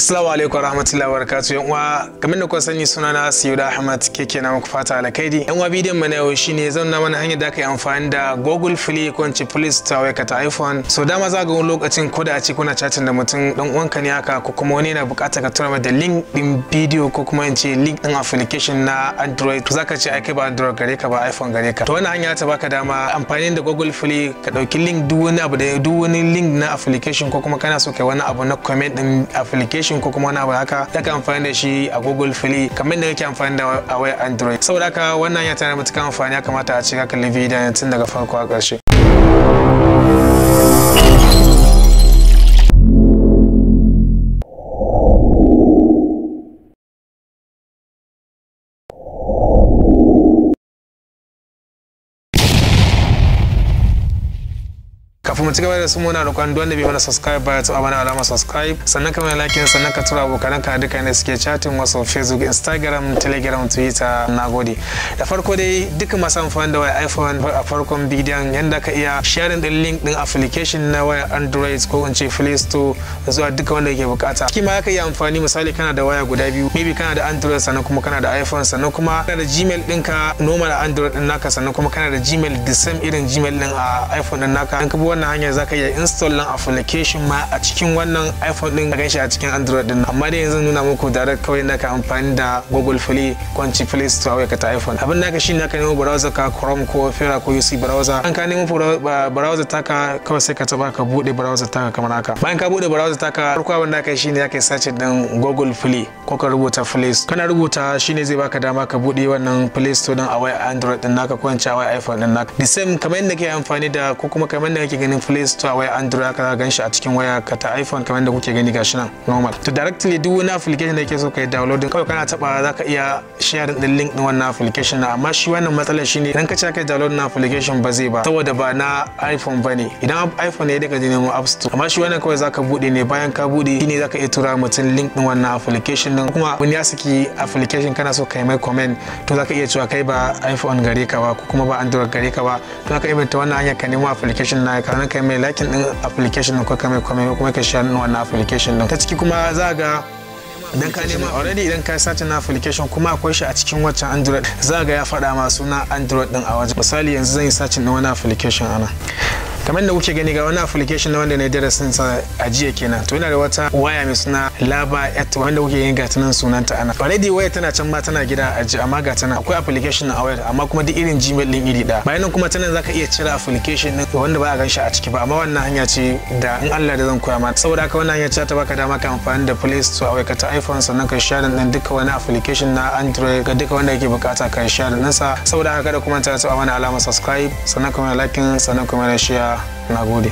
Assalamu alaikum wa barakatuh yan uwa kamar da kun sani suna na Siyuda Ahmad ke na muku fata alkaidi yan uwa bidiyon mu na yau shine zan na mana hanyar da kai amfani da Google Play ko in ce Play Store ka ta iPhone so dama za ga wani lokacin ko da a ce kuna chatting da mutum dan ka ne haka ko kuma wani yana bukata ka tura da link din bidiyo ko kuma in ce link din application na Android to zaka ce ai kai ba Android gare ka ba iPhone gare ka to wannan hanya ta baka dama amfani da Google Play ka dauki link duk wani abu da duk wani link na application ko kuma kana so kai wani abu na comment din application application ko kuma wani abu haka za ka amfani da shi a google play kamar da kake amfani da a android saboda haka wannan ya tana matuƙar amfani ya kamata a ce ka kalli daga farko a ƙarshe kafin mu ci gaba da su muna da don da bai mana subscribe ba ya taɓa mana alama subscribe sannan ka mai like sannan ka tura abokan ka duka ne suke chatting wasu facebook instagram telegram twitter nagode da farko dai duka masu amfani da wayar iphone a farkon bidiyon yadda ka iya sharing din link din application na wayar android ko in ce play store zuwa duka wanda yake bukata shi ma ka iya amfani misali kana da waya guda biyu maybe kana da android sannan kuma kana da iphone sannan kuma kana da gmail ɗinka normal android din naka sannan kuma kana da gmail the same irin gmail din a iphone din naka an ka wannan hanyar ka iya install din application ma a cikin wannan iphone din ganshi a cikin android din amma dai yanzu nuna muku direct kawai ka amfani da google play ko ci play store wai ka ta iphone abin da ka shi shine ka nemo browser ka chrome ko opera ko uc browser an ka nemo browser ta ka kawai sai ka taba ka bude browser ta ka kamar haka bayan ka bude browser ta ka farko abin da ka shi ne zaka yi search din google play ko ka rubuta play store kana rubuta shi ne zai baka dama ka bude wannan play store din a wai android din naka ko in ce a wayar iphone din naka the same kamar yadda kake amfani da ko kuma kamar yadda kake ganin play store wai android ka za gan shi a cikin waya ka ta iphone kamar yadda kuke gani gashi nan normal to directly duk wani application da yake so kai download kawai kana taba za ka iya share din link din wannan application na amma shi wannan matsalar shine idan ka ce kai download na application ba zai ba saboda ba na iphone bane idan iphone ne daga ne mu app store amma shi wannan kawai za ka bude ne bayan ka bude shine za ka iya tura mutum link din wannan application din kuma wani ya saki application kana so kai mai comment to za ka iya cewa kai ba iphone gare ka ba ko kuma ba android gare ka ba to za ka iya wannan hanyar ka nemo application na ka sannan kai mai lakin din application din ko kai mai komai kuma ka share wannan application din ta ciki kuma za ga dan ka nema already idan ka sace na application kuma akwai shi a cikin waccan android za ga ya faɗa ma suna android din a wajen misali yanzu zan yi sacin na wani application ana kamar da kuke gani ga wani application na wanda na darasin sa a jiya kenan to yana da wata waya mai suna laba at wanda kuke gani gata nan sunanta ana already waya tana can ma tana gida a ji amma gata nan akwai application a wayar amma kuma duk irin gmail din iri da bayan nan kuma tana zaka iya cire application din wanda ba a gan shi a ciki ba amma wannan hanya ce da in Allah da zan koya ma saboda haka wannan hanya ce ta baka dama ka amfani da play store a wayar ta iphone sannan ka share din duka wani application na android ga duka wanda yake bukata ka share din sa saboda haka kada kuma ta a wani alamar subscribe sannan kuma like sannan kuma share la, la